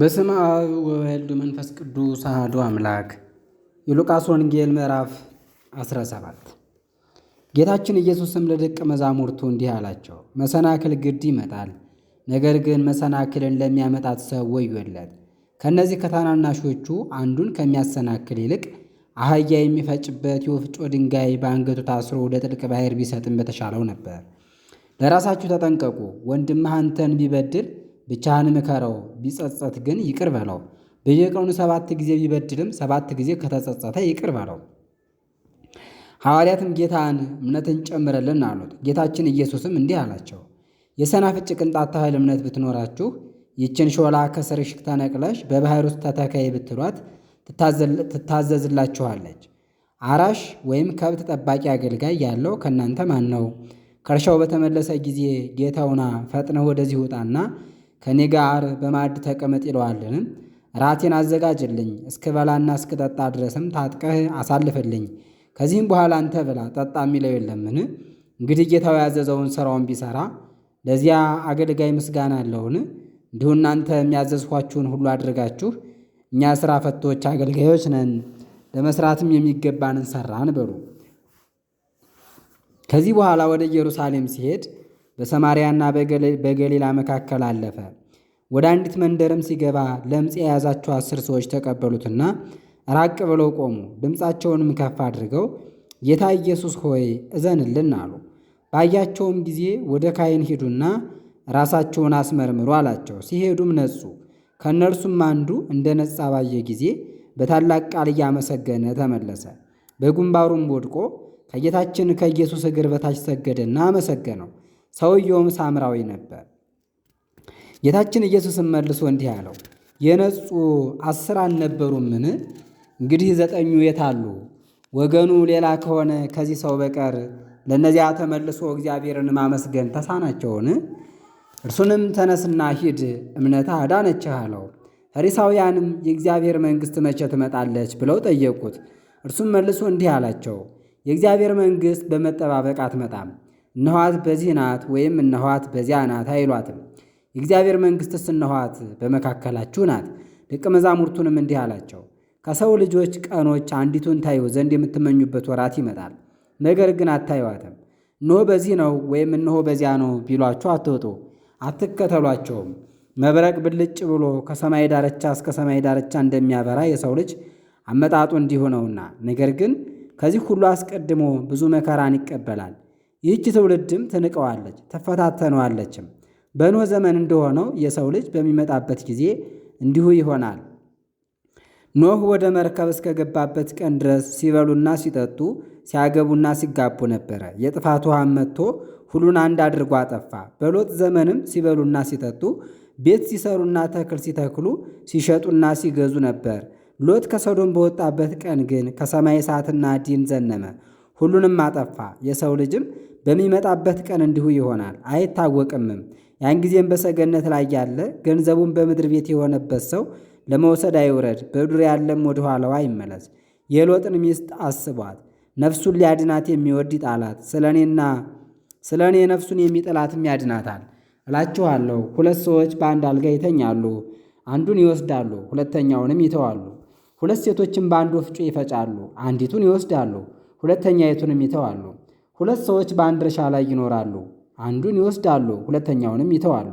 በስመ አብ ወወልድ መንፈስ ቅዱስ አሐዱ አምላክ። የሉቃስ ወንጌል ምዕራፍ 17 ጌታችን ኢየሱስም ለደቀ መዛሙርቱ እንዲህ አላቸው፣ መሰናክል ግድ ይመጣል፣ ነገር ግን መሰናክልን ለሚያመጣት ሰው ወዮለት። ከእነዚህ ከታናናሾቹ አንዱን ከሚያሰናክል ይልቅ አህያ የሚፈጭበት የወፍጮ ድንጋይ በአንገቱ ታስሮ ወደ ጥልቅ ባሕር ቢሰጥም በተሻለው ነበር። ለራሳችሁ ተጠንቀቁ፣ ወንድምህ አንተን ቢበድል ብቻህን ምከረው፣ ቢጸጸት ግን ይቅር በለው። በየቀኑ ሰባት ጊዜ ቢበድልም ሰባት ጊዜ ከተጸጸተ ይቅር በለው። ሐዋርያትም ጌታን እምነትን ጨምረልን አሉት። ጌታችን ኢየሱስም እንዲህ አላቸው፣ የሰናፍጭ ቅንጣት ታህል እምነት ብትኖራችሁ ይችን ሾላ ከስርሽ ተነቅለሽ በባህር ውስጥ ተተከይ ብትሏት ትታዘዝላችኋለች። አራሽ ወይም ከብት ጠባቂ አገልጋይ ያለው ከእናንተ ማን ነው? ከእርሻው በተመለሰ ጊዜ ጌታውና ፈጥነህ ወደዚህ ውጣና ከእኔ ጋር በማዕድ ተቀመጥ ይለዋልን? ራቴን አዘጋጅልኝ እስከ ጠጣ ድረስም ታጥቀህ አሳልፍልኝ። ከዚህም በኋላ አንተ ብላ ጠጣ የሚለው የለምን? እንግዲህ ጌታው ያዘዘውን ሥራውን ቢሠራ ለዚያ አገልጋይ ምስጋና አለውን? እንዲሁ እናንተ የሚያዘዝኳችሁን ሁሉ አድርጋችሁ እኛ ሥራ ፈቶች አገልጋዮች ነን፣ ለመሥራትም የሚገባንን ሠራን በሉ። ከዚህ በኋላ ወደ ኢየሩሳሌም ሲሄድ በሰማርያና በገሊላ መካከል አለፈ። ወደ አንዲት መንደርም ሲገባ ለምጽ የያዛቸው አስር ሰዎች ተቀበሉትና ራቅ ብለው ቆሙ። ድምፃቸውንም ከፍ አድርገው ጌታ ኢየሱስ ሆይ እዘንልን አሉ። ባያቸውም ጊዜ ወደ ካህን ሂዱና ራሳቸውን አስመርምሩ አላቸው። ሲሄዱም ነጹ። ከእነርሱም አንዱ እንደ ነጻ ባየ ጊዜ በታላቅ ቃል እያመሰገነ ተመለሰ። በግንባሩም ወድቆ ከጌታችን ከኢየሱስ እግር በታች ሰገደና አመሰገነው። ሰውየውም ሳምራዊ ነበር። ጌታችን ኢየሱስም መልሶ እንዲህ አለው፣ የነጹ አስር አልነበሩምን? እንግዲህ ዘጠኙ የት አሉ? ወገኑ ሌላ ከሆነ ከዚህ ሰው በቀር ለእነዚያ ተመልሶ እግዚአብሔርን ማመስገን ተሳናቸውን? እርሱንም ተነስና ሂድ፣ እምነትህ አዳነችህ አለው። ፈሪሳውያንም የእግዚአብሔር መንግሥት መቼ ትመጣለች ብለው ጠየቁት። እርሱም መልሶ እንዲህ አላቸው፣ የእግዚአብሔር መንግሥት በመጠባበቅ አትመጣም። እነኋት በዚህ ናት ወይም እነኋት በዚያ ናት አይሏትም። የእግዚአብሔር መንግሥትስ እነኋት በመካከላችሁ ናት። ደቀ መዛሙርቱንም እንዲህ አላቸው፣ ከሰው ልጆች ቀኖች አንዲቱን ታዩ ዘንድ የምትመኙበት ወራት ይመጣል፣ ነገር ግን አታዩዋትም። እነሆ በዚህ ነው ወይም እነሆ በዚያ ነው ቢሏችሁ አትወጡ፣ አትከተሏቸውም። መብረቅ ብልጭ ብሎ ከሰማይ ዳርቻ እስከ ሰማይ ዳርቻ እንደሚያበራ የሰው ልጅ አመጣጡ እንዲሁ ነውና፣ ነገር ግን ከዚህ ሁሉ አስቀድሞ ብዙ መከራን ይቀበላል ይህች ትውልድም ትንቀዋለች ትፈታተነዋለችም። በኖህ ዘመን እንደሆነው የሰው ልጅ በሚመጣበት ጊዜ እንዲሁ ይሆናል። ኖህ ወደ መርከብ እስከገባበት ቀን ድረስ ሲበሉና ሲጠጡ ሲያገቡና ሲጋቡ ነበረ። የጥፋት ውሃም መጥቶ ሁሉን አንድ አድርጎ አጠፋ። በሎጥ ዘመንም ሲበሉና ሲጠጡ ቤት ሲሰሩና ተክል ሲተክሉ ሲሸጡና ሲገዙ ነበር። ሎጥ ከሰዶም በወጣበት ቀን ግን ከሰማይ እሳትና ዲን ዘነመ፣ ሁሉንም አጠፋ። የሰው ልጅም በሚመጣበት ቀን እንዲሁ ይሆናል፣ አይታወቅምም። ያን ጊዜም በሰገነት ላይ ያለ ገንዘቡን በምድር ቤት የሆነበት ሰው ለመውሰድ አይውረድ፣ በዱር ያለም ወደ ኋላዋ አይመለስ። የሎጥን ሚስት አስቧት። ነፍሱን ሊያድናት የሚወድ ይጣላት፣ ስለ እኔ ነፍሱን የሚጥላትም ያድናታል። እላችኋለሁ ሁለት ሰዎች በአንድ አልጋ ይተኛሉ፣ አንዱን ይወስዳሉ፣ ሁለተኛውንም ይተዋሉ። ሁለት ሴቶችም በአንድ ወፍጮ ይፈጫሉ፣ አንዲቱን ይወስዳሉ፣ ሁለተኛይቱንም ይተዋሉ። ሁለት ሰዎች በአንድ እርሻ ላይ ይኖራሉ። አንዱን ይወስዳሉ፣ ሁለተኛውንም ይተዋሉ።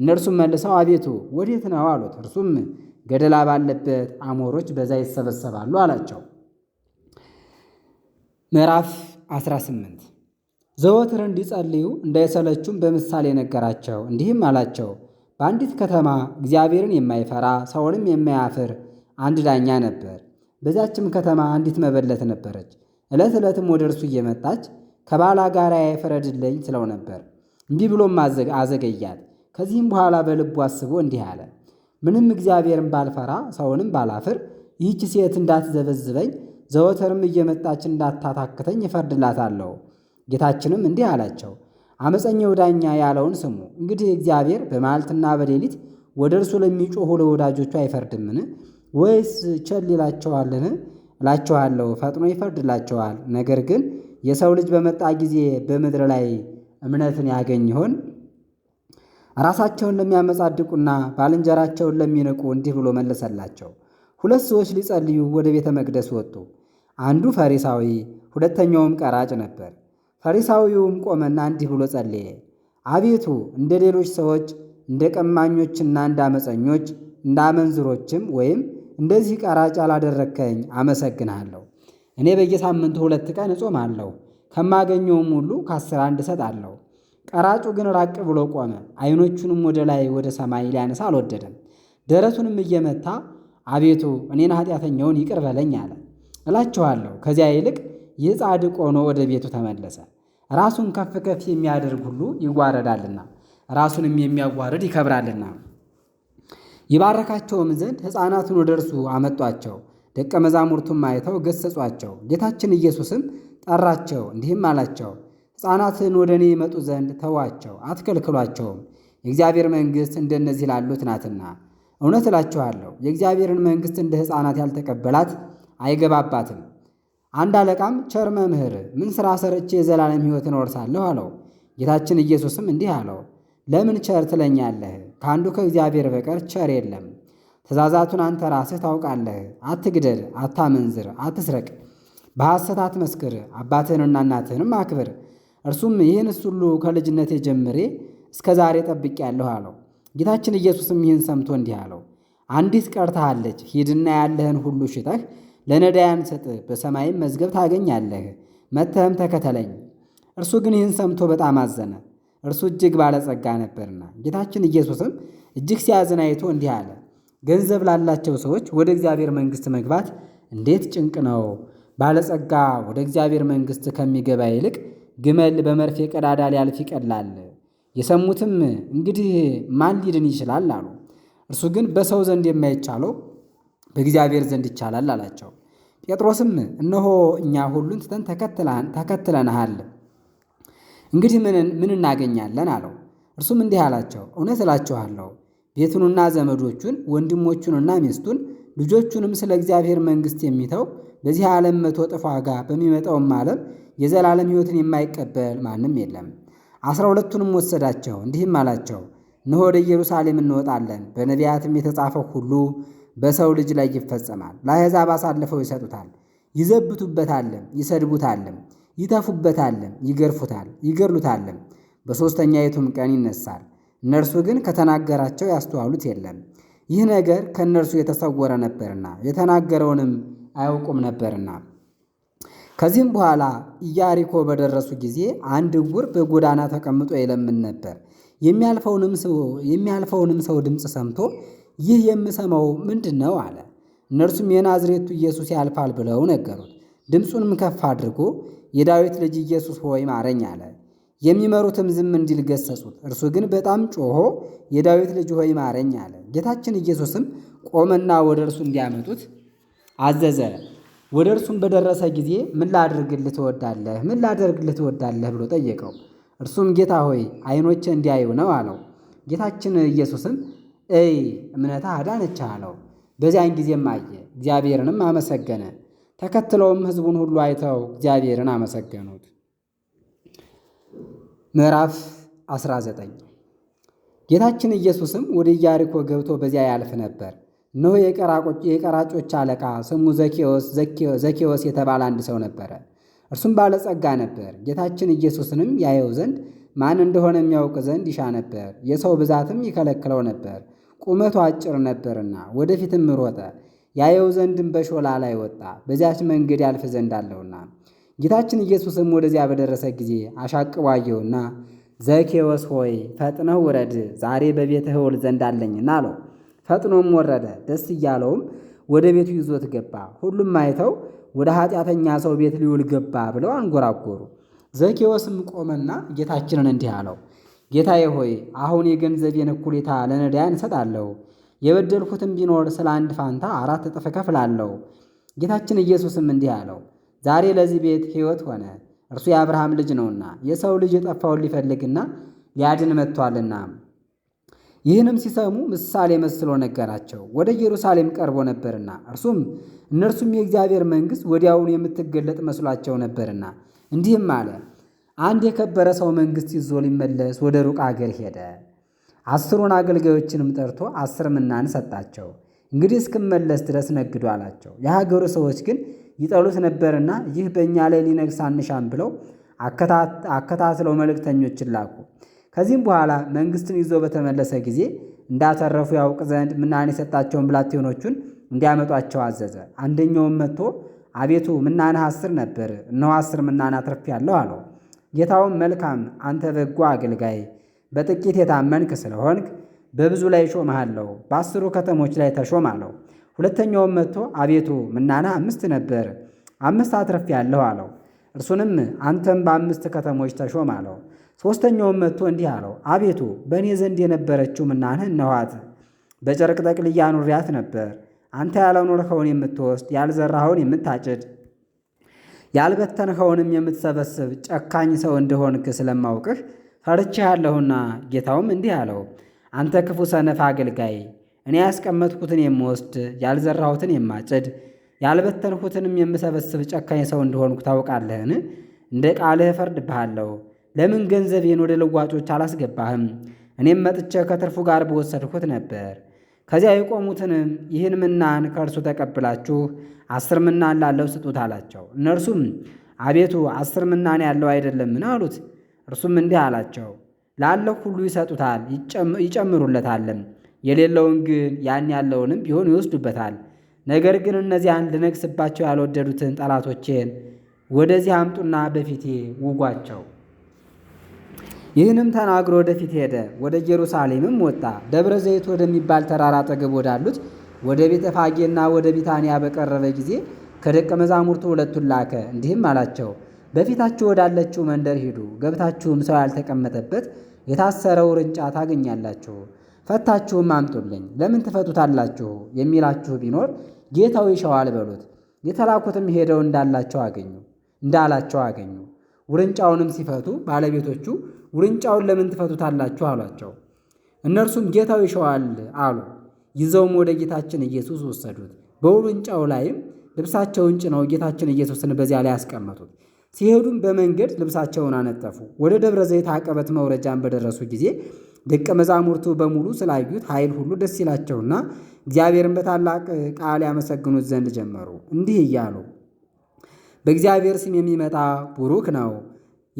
እነርሱም መልሰው አቤቱ ወዴት ነው አሉት። እርሱም ገደላ ባለበት አሞሮች በዛ ይሰበሰባሉ አላቸው። ምዕራፍ 18 ዘወትር እንዲጸልዩ እንዳይሰለቹም በምሳሌ ነገራቸው፣ እንዲህም አላቸው። በአንዲት ከተማ እግዚአብሔርን የማይፈራ ሰውንም የማያፍር አንድ ዳኛ ነበር። በዚያችም ከተማ አንዲት መበለት ነበረች። ዕለት ዕለትም ወደ እርሱ እየመጣች ከባላጋራዬ ፍረድልኝ ትለው ነበር። ብሎ ብሎም አዘገያት። ከዚህም በኋላ በልቡ አስቦ እንዲህ አለ። ምንም እግዚአብሔርን ባልፈራ ሰውንም ባላፍር ይህች ሴት እንዳትዘበዝበኝ ዘወተርም እየመጣች እንዳታታክተኝ እፈርድላታለሁ። ጌታችንም እንዲህ አላቸው፣ አመፀኛው ዳኛ ያለውን ስሙ። እንግዲህ እግዚአብሔር በማልትና በሌሊት ወደ እርሱ ለሚጮሁ ለወዳጆቹ አይፈርድምን? ወይስ ቸል ይላቸዋልን? እላችኋለሁ ፈጥኖ ይፈርድላቸዋል። ነገር ግን የሰው ልጅ በመጣ ጊዜ በምድር ላይ እምነትን ያገኝ ይሆን? ራሳቸውን ለሚያመጻድቁና ባልንጀራቸውን ለሚንቁ እንዲህ ብሎ መለሰላቸው። ሁለት ሰዎች ሊጸልዩ ወደ ቤተ መቅደስ ወጡ። አንዱ ፈሪሳዊ ሁለተኛውም ቀራጭ ነበር። ፈሪሳዊውም ቆመና እንዲህ ብሎ ጸለየ። አቤቱ እንደ ሌሎች ሰዎች እንደ ቀማኞችና እንደ አመፀኞች እንደ አመንዝሮችም ወይም እንደዚህ ቀራጭ አላደረግከኝ፣ አመሰግንሃለሁ። እኔ በየሳምንቱ ሁለት ቀን እጾማለሁ። ከማገኘውም ሁሉ ከአስር አንድ እሰጣለሁ። ቀራጩ ግን ራቅ ብሎ ቆመ። ዓይኖቹንም ወደ ላይ ወደ ሰማይ ሊያነሳ አልወደደም። ደረቱንም እየመታ አቤቱ እኔን ኃጢአተኛውን ይቅር በለኝ አለ። እላችኋለሁ ከዚያ ይልቅ ይህ ጻድቅ ሆኖ ወደ ቤቱ ተመለሰ። ራሱን ከፍ ከፍ የሚያደርግ ሁሉ ይዋረዳልና፣ ራሱንም የሚያዋርድ ይከብራልና። ይባረካቸውም ዘንድ ሕፃናቱን ወደ እርሱ አመጧቸው። ደቀ መዛሙርቱም አይተው ገሰጿቸው። ጌታችን ኢየሱስም ጠራቸው፣ እንዲህም አላቸው ሕፃናትን ወደ እኔ ይመጡ ዘንድ ተዋቸው፣ አትከልክሏቸውም፣ የእግዚአብሔር መንግሥት እንደነዚህ ላሉት ናትና። እውነት እላችኋለሁ የእግዚአብሔርን መንግሥት እንደ ሕፃናት ያልተቀበላት አይገባባትም። አንድ አለቃም ቸር መምህር፣ ምን ሥራ ሰርቼ የዘላለም ሕይወት እወርሳለሁ አለው። ጌታችን ኢየሱስም እንዲህ አለው፣ ለምን ቸር ትለኛለህ? ከአንዱ ከእግዚአብሔር በቀር ቸር የለም። ትእዛዛቱን አንተ ራስህ ታውቃለህ። አትግደል፣ አታመንዝር፣ አትስረቅ፣ በሐሰት አትመስክር፣ አባትህንና እናትህንም አክብር። እርሱም ይህን ሁሉ ከልጅነቴ ጀምሬ እስከ ዛሬ ጠብቄአለሁ አለው። ጌታችን ኢየሱስም ይህን ሰምቶ እንዲህ አለው፣ አንዲት ቀርታሃለች። ሂድና ያለህን ሁሉ ሽጠህ ለነዳያን ስጥ፣ በሰማይም መዝገብ ታገኛለህ። መጥተህም ተከተለኝ። እርሱ ግን ይህን ሰምቶ በጣም አዘነ፣ እርሱ እጅግ ባለጸጋ ነበርና። ጌታችን ኢየሱስም እጅግ ሲያዝን አይቶ እንዲህ አለ ገንዘብ ላላቸው ሰዎች ወደ እግዚአብሔር መንግሥት መግባት እንዴት ጭንቅ ነው! ባለጸጋ ወደ እግዚአብሔር መንግሥት ከሚገባ ይልቅ ግመል በመርፌ ቀዳዳ ሊያልፍ ይቀላል። የሰሙትም እንግዲህ ማን ሊድን ይችላል አሉ። እርሱ ግን በሰው ዘንድ የማይቻለው በእግዚአብሔር ዘንድ ይቻላል አላቸው። ጴጥሮስም እነሆ እኛ ሁሉን ትተን ተከትለንሃል፣ እንግዲህ ምን እናገኛለን አለው። እርሱም እንዲህ አላቸው፣ እውነት እላችኋለሁ ቤቱንና ዘመዶቹን ወንድሞቹንና ሚስቱን ልጆቹንም ስለ እግዚአብሔር መንግሥት የሚተው በዚህ ዓለም መቶ እጥፍ ዋጋ በሚመጣውም ዓለም የዘላለም ሕይወትን የማይቀበል ማንም የለም። አስራ ሁለቱንም ወሰዳቸው፣ እንዲህም አላቸው፣ እነሆ ወደ ኢየሩሳሌም እንወጣለን፣ በነቢያትም የተጻፈው ሁሉ በሰው ልጅ ላይ ይፈጸማል። ለአሕዛብ አሳልፈው ይሰጡታል፣ ይዘብቱበታልም፣ ይሰድቡታልም፣ ይተፉበታልም፣ ይገርፉታል፣ ይገድሉታልም። በሦስተኛይቱም ቀን ይነሳል። እነርሱ ግን ከተናገራቸው ያስተዋሉት የለም። ይህ ነገር ከእነርሱ የተሰወረ ነበርና የተናገረውንም አያውቁም ነበርና። ከዚህም በኋላ ኢያሪኮ በደረሱ ጊዜ አንድ ዕውር በጎዳና ተቀምጦ የለምን ነበር። የሚያልፈውንም ሰው ድምፅ ሰምቶ ይህ የምሰማው ምንድን ነው አለ። እነርሱም የናዝሬቱ ኢየሱስ ያልፋል ብለው ነገሩት። ድምፁንም ከፍ አድርጎ የዳዊት ልጅ ኢየሱስ ሆይ ማረኝ አለ። የሚመሩትም ዝም እንዲል ገሰጹት። እርሱ ግን በጣም ጮሆ የዳዊት ልጅ ሆይ ማረኝ አለ። ጌታችን ኢየሱስም ቆመና ወደ እርሱ እንዲያመጡት አዘዘ። ወደ እርሱም በደረሰ ጊዜ ምን ላድርግልህ ትወዳለህ? ምን ላደርግልህ ትወዳለህ? ብሎ ጠየቀው። እርሱም ጌታ ሆይ ዓይኖቼ እንዲያዩ ነው አለው። ጌታችን ኢየሱስም እይ እምነታ አዳነች አለው። በዚያን ጊዜም አየ፣ እግዚአብሔርንም አመሰገነ። ተከትለውም ሕዝቡን ሁሉ አይተው እግዚአብሔርን አመሰገኑት። ምዕራፍ 19 ጌታችን ኢየሱስም ወደ ኢያሪኮ ገብቶ በዚያ ያልፍ ነበር። እነሆ የቀራጮች አለቃ ስሙ ዘኬዎስ የተባለ አንድ ሰው ነበረ። እርሱም ባለጸጋ ነበር። ጌታችን ኢየሱስንም ያየው ዘንድ ማን እንደሆነ የሚያውቅ ዘንድ ይሻ ነበር። የሰው ብዛትም ይከለክለው ነበር፣ ቁመቱ አጭር ነበርና። ወደፊትም ሮጠ፣ ያየው ዘንድም በሾላ ላይ ወጣ፣ በዚያች መንገድ ያልፍ ዘንድ አለውና ጌታችን ኢየሱስም ወደዚያ በደረሰ ጊዜ አሻቅቦ አየውና ዘኬዎስ ሆይ ፈጥነው ውረድ፣ ዛሬ በቤትህ እውል ዘንድ አለኝና አለው። ፈጥኖም ወረደ፣ ደስ እያለውም ወደ ቤቱ ይዞት ገባ። ሁሉም አይተው ወደ ኃጢአተኛ ሰው ቤት ሊውል ገባ ብለው አንጎራጎሩ። ዘኬዎስም ቆመና ጌታችንን እንዲህ አለው፣ ጌታዬ ሆይ አሁን የገንዘቤን እኩሌታ ለነዳያን እሰጣለሁ፣ የበደልኩትም ቢኖር ስለ አንድ ፋንታ አራት እጥፍ እከፍላለሁ። ጌታችን ኢየሱስም እንዲህ አለው ዛሬ ለዚህ ቤት ሕይወት ሆነ። እርሱ የአብርሃም ልጅ ነውና የሰው ልጅ የጠፋውን ሊፈልግና ሊያድን መጥቷልና። ይህንም ሲሰሙ ምሳሌ መስሎ ነገራቸው፣ ወደ ኢየሩሳሌም ቀርቦ ነበርና። እርሱም እነርሱም የእግዚአብሔር መንግሥት ወዲያውኑ የምትገለጥ መስሏቸው ነበርና እንዲህም አለ። አንድ የከበረ ሰው መንግሥት ይዞ ሊመለስ ወደ ሩቅ አገር ሄደ። አስሩን አገልጋዮችንም ጠርቶ አስር ምናን ሰጣቸው። እንግዲህ እስክመለስ ድረስ ነግዱ አላቸው። የሀገሩ ሰዎች ግን ይጠሉት ነበርና ይህ በእኛ ላይ ሊነግስ አንሻም ብለው አከታትለው መልእክተኞችን ላኩ። ከዚህም በኋላ መንግስትን ይዞ በተመለሰ ጊዜ እንዳተረፉ ያውቅ ዘንድ ምናን የሰጣቸውን ብላቴኖቹን እንዲያመጧቸው አዘዘ። አንደኛውም መጥቶ አቤቱ ምናንህ አስር ነበር፣ እነሆ አስር ምናን አትርፌአለሁ አለው። ጌታውም መልካም አንተ በጎ አገልጋይ፣ በጥቂት የታመንክ ስለሆንክ በብዙ ላይ ሾመሃለሁ፣ በአስሩ ከተሞች ላይ ተሾም አለው። ሁለተኛውም መጥቶ አቤቱ ምናና አምስት ነበር፣ አምስት አትረፍ ያለው አለው። እርሱንም አንተም በአምስት ከተሞች ተሾም አለው። ሦስተኛውም መጥቶ እንዲህ አለው፣ አቤቱ በእኔ ዘንድ የነበረችው ምናንህ እነኋት፣ በጨርቅ ጠቅልያ ኑሪያት ነበር። አንተ ያላኖርኸውን የምትወስድ ያልዘራኸውን የምታጭድ ያልበተንኸውንም የምትሰበስብ ጨካኝ ሰው እንደሆንክ ስለማውቅህ ያለሁና። ጌታውም እንዲህ አለው፣ አንተ ክፉ ሰነፍ አገልጋይ እኔ ያስቀመጥኩትን የምወስድ ያልዘራሁትን የማጭድ ያልበተንሁትንም የምሰበስብ ጨካኝ ሰው እንደሆንኩ ታውቃለህን? እንደ ቃልህ እፈርድብሃለሁ። ለምን ገንዘቤን ወደ ልዋጮች አላስገባህም? እኔም መጥቼ ከትርፉ ጋር በወሰድሁት ነበር። ከዚያ የቆሙትንም ይህን ምናን ከእርሱ ተቀብላችሁ አስር ምናን ላለው ስጡት አላቸው። እነርሱም አቤቱ አስር ምናን ያለው አይደለምን አሉት። እርሱም እንዲህ አላቸው፣ ላለሁ ሁሉ ይሰጡታል ይጨምሩለታልም የሌለውን ግን ያን ያለውንም ቢሆን ይወስዱበታል። ነገር ግን እነዚያን ልነግሥባቸው ያልወደዱትን ጠላቶቼን ወደዚህ አምጡና በፊቴ ውጓቸው። ይህንም ተናግሮ ወደፊት ሄደ፣ ወደ ኢየሩሳሌምም ወጣ። ደብረ ዘይት ወደሚባል ተራራ አጠገብ ወዳሉት ወደ ቤተ ፋጌና ወደ ቢታንያ በቀረበ ጊዜ ከደቀ መዛሙርቱ ሁለቱን ላከ፣ እንዲህም አላቸው በፊታችሁ ወዳለችው መንደር ሂዱ። ገብታችሁም ሰው ያልተቀመጠበት የታሰረ ውርንጫ ታገኛላችሁ። ፈታችሁም አምጡልኝ ለምን ትፈቱታላችሁ የሚላችሁ ቢኖር ጌታው ይሸዋል በሉት። የተላኩትም ሄደው እንዳላቸው አገኙ እንዳላቸው አገኙ። ውርንጫውንም ሲፈቱ ባለቤቶቹ ውርንጫውን ለምን ትፈቱታላችሁ አሏቸው። እነርሱም ጌታው ይሸዋል አሉ። ይዘውም ወደ ጌታችን ኢየሱስ ወሰዱት። በውርንጫው ላይም ልብሳቸውን ጭነው ጌታችን ኢየሱስን በዚያ ላይ አስቀመጡት። ሲሄዱም በመንገድ ልብሳቸውን አነጠፉ። ወደ ደብረ ዘይት አቀበት መውረጃን በደረሱ ጊዜ ደቀ መዛሙርቱ በሙሉ ስላዩት ኃይል ሁሉ ደስ ይላቸውና እግዚአብሔርን በታላቅ ቃል ያመሰግኑት ዘንድ ጀመሩ፣ እንዲህ እያሉ በእግዚአብሔር ስም የሚመጣ ቡሩክ ነው፣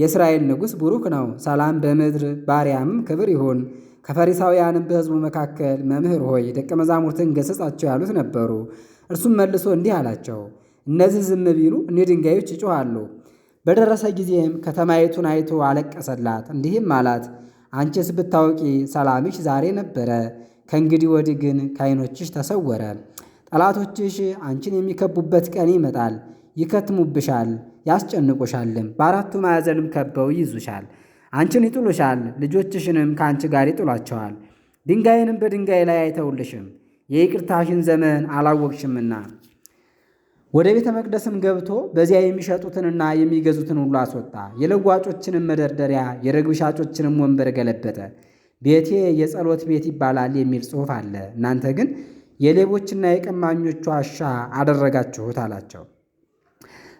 የእስራኤል ንጉሥ ቡሩክ ነው። ሰላም በምድር ባሪያምም ክብር ይሁን። ከፈሪሳውያንም በሕዝቡ መካከል መምህር ሆይ ደቀ መዛሙርትን ገሰጻቸው ያሉት ነበሩ። እርሱም መልሶ እንዲህ አላቸው፣ እነዚህ ዝም ቢሉ እኔ ድንጋዮች ይጮኻሉ። በደረሰ ጊዜም ከተማይቱን አይቶ አለቀሰላት፣ እንዲህም አላት አንቺስ ብታውቂ ሰላምሽ ዛሬ ነበረ፣ ከእንግዲህ ወዲህ ግን ከዓይኖችሽ ተሰወረ። ጠላቶችሽ አንቺን የሚከቡበት ቀን ይመጣል፣ ይከትሙብሻል፣ ያስጨንቁሻልም፣ በአራቱ ማዕዘንም ከበው ይይዙሻል። አንቺን ይጥሉሻል፣ ልጆችሽንም ከአንቺ ጋር ይጥሏቸዋል። ድንጋይንም በድንጋይ ላይ አይተውልሽም፣ የይቅርታሽን ዘመን አላወቅሽምና ወደ ቤተ መቅደስም ገብቶ በዚያ የሚሸጡትንና የሚገዙትን ሁሉ አስወጣ። የለዋጮችንም መደርደሪያ የርግብ ሻጮችንም ወንበር ገለበጠ። ቤቴ የጸሎት ቤት ይባላል የሚል ጽሑፍ አለ፣ እናንተ ግን የሌቦችና የቀማኞቹ ዋሻ አደረጋችሁት አላቸው።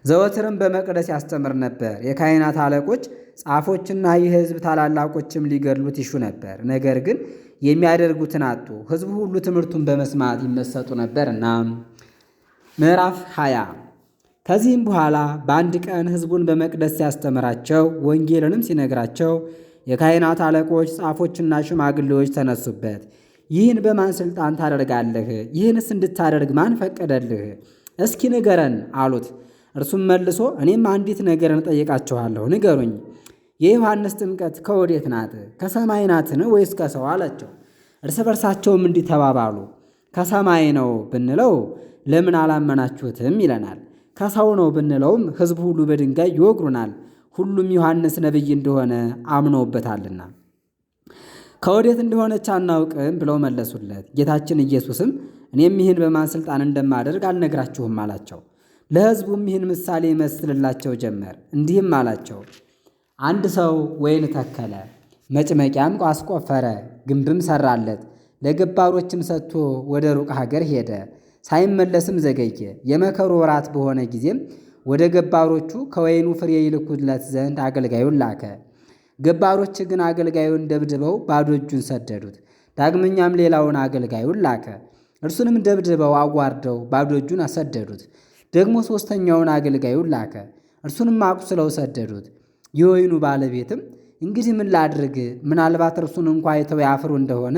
ዘወትርም በመቅደስ ያስተምር ነበር። የካህናት አለቆች ጻፎችና የሕዝብ ታላላቆችም ሊገድሉት ይሹ ነበር፣ ነገር ግን የሚያደርጉትን አጡ። ሕዝቡ ሁሉ ትምህርቱን በመስማት ይመሰጡ ነበርና ምዕራፍ 20 ከዚህም በኋላ በአንድ ቀን ሕዝቡን በመቅደስ ሲያስተምራቸው ወንጌልንም ሲነግራቸው የካህናት አለቆች ጻፎችና ሽማግሌዎች ተነሱበት። ይህን በማን ሥልጣን ታደርጋለህ? ይህንስ እንድታደርግ ማን ፈቀደልህ? እስኪ ንገረን አሉት። እርሱም መልሶ እኔም አንዲት ነገርን እጠይቃችኋለሁ፣ ንገሩኝ። የዮሐንስ ጥምቀት ከወዴት ናት? ከሰማይ ናትን ወይስ ከሰው አላቸው። እርስ በርሳቸውም እንዲህ ተባባሉ፣ ከሰማይ ነው ብንለው ለምን አላመናችሁትም ይለናል። ከሰው ነው ብንለውም ሕዝብ ሁሉ በድንጋይ ይወግሩናል፣ ሁሉም ዮሐንስ ነቢይ እንደሆነ አምኖበታልና ከወዴት እንደሆነች አናውቅም ብለው መለሱለት። ጌታችን ኢየሱስም እኔም ይህን በማን ሥልጣን እንደማደርግ አልነግራችሁም አላቸው። ለሕዝቡም ይህን ምሳሌ ይመስልላቸው ጀመር፣ እንዲህም አላቸው። አንድ ሰው ወይን ተከለ፣ መጭመቂያም አስቆፈረ፣ ግንብም ሰራለት፣ ለገባሮችም ሰጥቶ ወደ ሩቅ ሀገር ሄደ ሳይመለስም ዘገየ። የመከሩ ወራት በሆነ ጊዜም ወደ ገባሮቹ ከወይኑ ፍሬ ይልኩለት ዘንድ አገልጋዩን ላከ። ገባሮች ግን አገልጋዩን ደብድበው ባዶ እጁን ሰደዱት። ዳግመኛም ሌላውን አገልጋዩን ላከ። እርሱንም ደብድበው አዋርደው ባዶ እጁን አሰደዱት። ደግሞ ሦስተኛውን አገልጋዩን ላከ። እርሱንም አቁስለው ሰደዱት። የወይኑ ባለቤትም እንግዲህ ምን ላድርግ? ምናልባት እርሱን እንኳ አይተው ያፍሩ እንደሆነ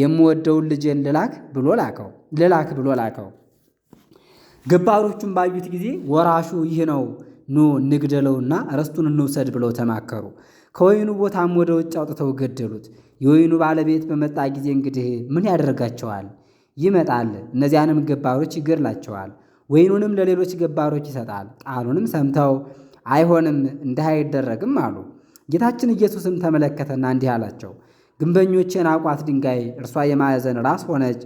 የምወደውን ልጄን ልላክ ብሎ ላከው ልላክ ብሎ ላከው። ግባሮቹን ባዩት ጊዜ ወራሹ ይህ ነው፣ ኑ እንግደለውና ርስቱን እንውሰድ ብለው ተማከሩ። ከወይኑ ቦታም ወደ ውጭ አውጥተው ገደሉት። የወይኑ ባለቤት በመጣ ጊዜ እንግዲህ ምን ያደርጋቸዋል? ይመጣል፣ እነዚያንም ገባሮች ይገድላቸዋል፣ ወይኑንም ለሌሎች ገባሮች ይሰጣል። ቃሉንም ሰምተው አይሆንም፣ እንዲህ አይደረግም አሉ። ጌታችን ኢየሱስም ተመለከተና እንዲህ አላቸው፣ ግንበኞች የናቋት ድንጋይ እርሷ የማዕዘን ራስ ሆነች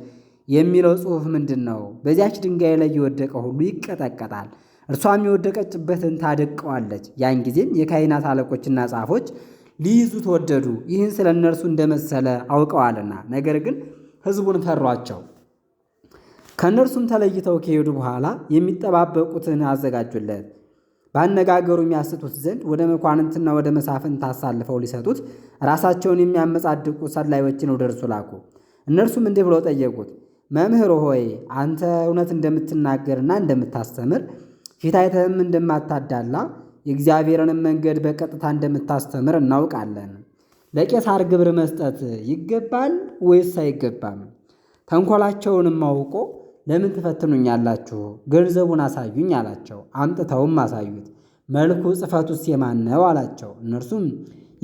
የሚለው ጽሑፍ ምንድን ነው? በዚያች ድንጋይ ላይ የወደቀ ሁሉ ይቀጠቀጣል፣ እርሷም የወደቀችበትን ታደቀዋለች። ያን ጊዜም የካህናት አለቆችና ጻፎች ሊይዙ ተወደዱ ይህን ስለ እነርሱ እንደመሰለ አውቀዋልና። ነገር ግን ሕዝቡን ፈሯቸው። ከእነርሱም ተለይተው ከሄዱ በኋላ የሚጠባበቁትን አዘጋጁለት። ባነጋገሩ የሚያስቱት ዘንድ ወደ መኳንንትና ወደ መሳፍንት አሳልፈው ሊሰጡት ራሳቸውን የሚያመጻድቁ ሰላዮችን ወደ እርሱ ላኩ። እነርሱም እንዲህ ብለው ጠየቁት፣ መምህር ሆይ አንተ እውነት እንደምትናገርና እንደምታስተምር ፊት እንደማታዳላ የእግዚአብሔርንም መንገድ በቀጥታ እንደምታስተምር እናውቃለን። ለቄሳር ግብር መስጠት ይገባል ወይስ አይገባም? ተንኮላቸውንም አውቆ ለምን ትፈትኑኛላችሁ? ገንዘቡን አሳዩኝ አላቸው። አምጥተውም አሳዩት። መልኩ ጽፈቱስ የማን ነው አላቸው። እነርሱም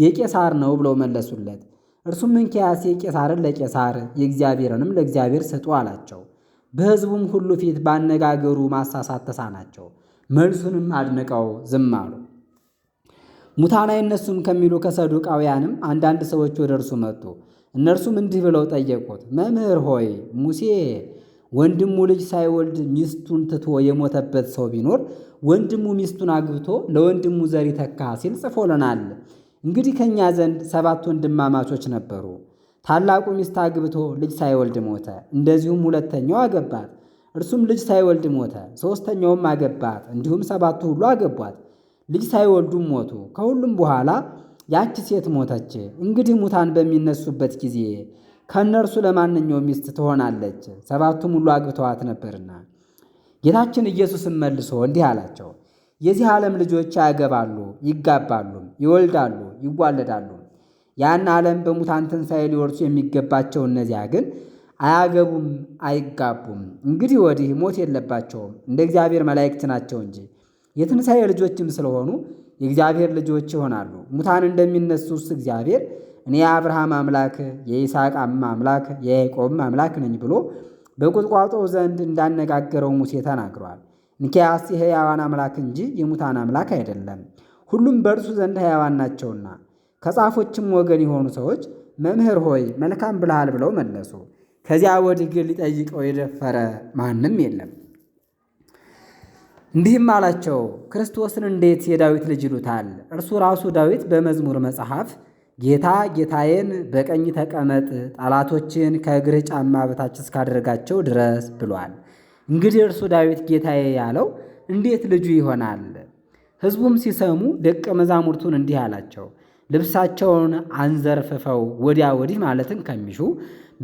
የቄሳር ነው ብለው መለሱለት። እርሱም እንኪያስ የቄሳርን ለቄሳር የእግዚአብሔርንም ለእግዚአብሔር ስጡ አላቸው። በሕዝቡም ሁሉ ፊት ባነጋገሩ ማሳሳት ተሳናቸው። መልሱንም አድንቀው ዝም አሉ። ሙታን አይነሱም ከሚሉ ከሰዱቃውያንም አንዳንድ ሰዎች ወደ እርሱ መጡ። እነርሱም እንዲህ ብለው ጠየቁት፣ መምህር ሆይ ሙሴ ወንድሙ ልጅ ሳይወልድ ሚስቱን ትቶ የሞተበት ሰው ቢኖር ወንድሙ ሚስቱን አግብቶ ለወንድሙ ዘር ይተካ ሲል ጽፎልናል። እንግዲህ ከእኛ ዘንድ ሰባት ወንድማማቾች ነበሩ። ታላቁ ሚስት አግብቶ ልጅ ሳይወልድ ሞተ። እንደዚሁም ሁለተኛው አገባት፣ እርሱም ልጅ ሳይወልድ ሞተ። ሦስተኛውም አገባት፣ እንዲሁም ሰባቱ ሁሉ አገቧት፣ ልጅ ሳይወልዱም ሞቱ። ከሁሉም በኋላ ያቺ ሴት ሞተች። እንግዲህ ሙታን በሚነሱበት ጊዜ ከእነርሱ ለማንኛው ሚስት ትሆናለች፣ ሰባቱም ሁሉ አግብተዋት ነበርና። ጌታችን ኢየሱስም መልሶ እንዲህ አላቸው፣ የዚህ ዓለም ልጆች ያገባሉ፣ ይጋባሉ፣ ይወልዳሉ፣ ይዋለዳሉ። ያን ዓለም በሙታን ትንሣኤ ሊወርሱ የሚገባቸው እነዚያ ግን አያገቡም፣ አይጋቡም። እንግዲህ ወዲህ ሞት የለባቸውም፣ እንደ እግዚአብሔር መላእክት ናቸው እንጂ የትንሣኤ ልጆችም ስለሆኑ የእግዚአብሔር ልጆች ይሆናሉ። ሙታን እንደሚነሱስ እግዚአብሔር እኔ የአብርሃም አምላክ የይስሐቅም አምላክ የያዕቆብም አምላክ ነኝ ብሎ በቁጥቋጦ ዘንድ እንዳነጋገረው ሙሴ ተናግሯል። እንኪያስ የሕያዋን አምላክ እንጂ የሙታን አምላክ አይደለም፣ ሁሉም በእርሱ ዘንድ ሕያዋን ናቸውና። ከጻፎችም ወገን የሆኑ ሰዎች መምህር ሆይ መልካም ብልሃል ብለው መለሱ። ከዚያ ወዲህ ግን ሊጠይቀው የደፈረ ማንም የለም። እንዲህም አላቸው፣ ክርስቶስን እንዴት የዳዊት ልጅ ይሉታል? እርሱ ራሱ ዳዊት በመዝሙር መጽሐፍ ጌታ ጌታዬን በቀኝ ተቀመጥ ጠላቶችን ከእግርህ ጫማ በታች እስካደረጋቸው ድረስ ብሏል። እንግዲህ እርሱ ዳዊት ጌታዬ ያለው እንዴት ልጁ ይሆናል? ሕዝቡም ሲሰሙ ደቀ መዛሙርቱን እንዲህ አላቸው። ልብሳቸውን አንዘርፍፈው ወዲያ ወዲህ ማለትን ከሚሹ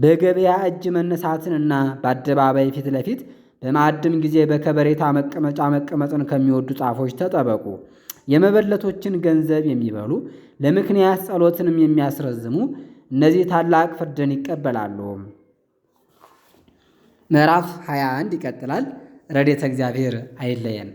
በገበያ እጅ መነሳትንና በአደባባይ ፊት ለፊት በማዕድም ጊዜ በከበሬታ መቀመጫ መቀመጥን ከሚወዱ ጻፎች ተጠበቁ። የመበለቶችን ገንዘብ የሚበሉ ለምክንያት ጸሎትንም የሚያስረዝሙ እነዚህ ታላቅ ፍርድን ይቀበላሉ። ምዕራፍ 21 ይቀጥላል። ረድኤተ እግዚአብሔር አይለየን።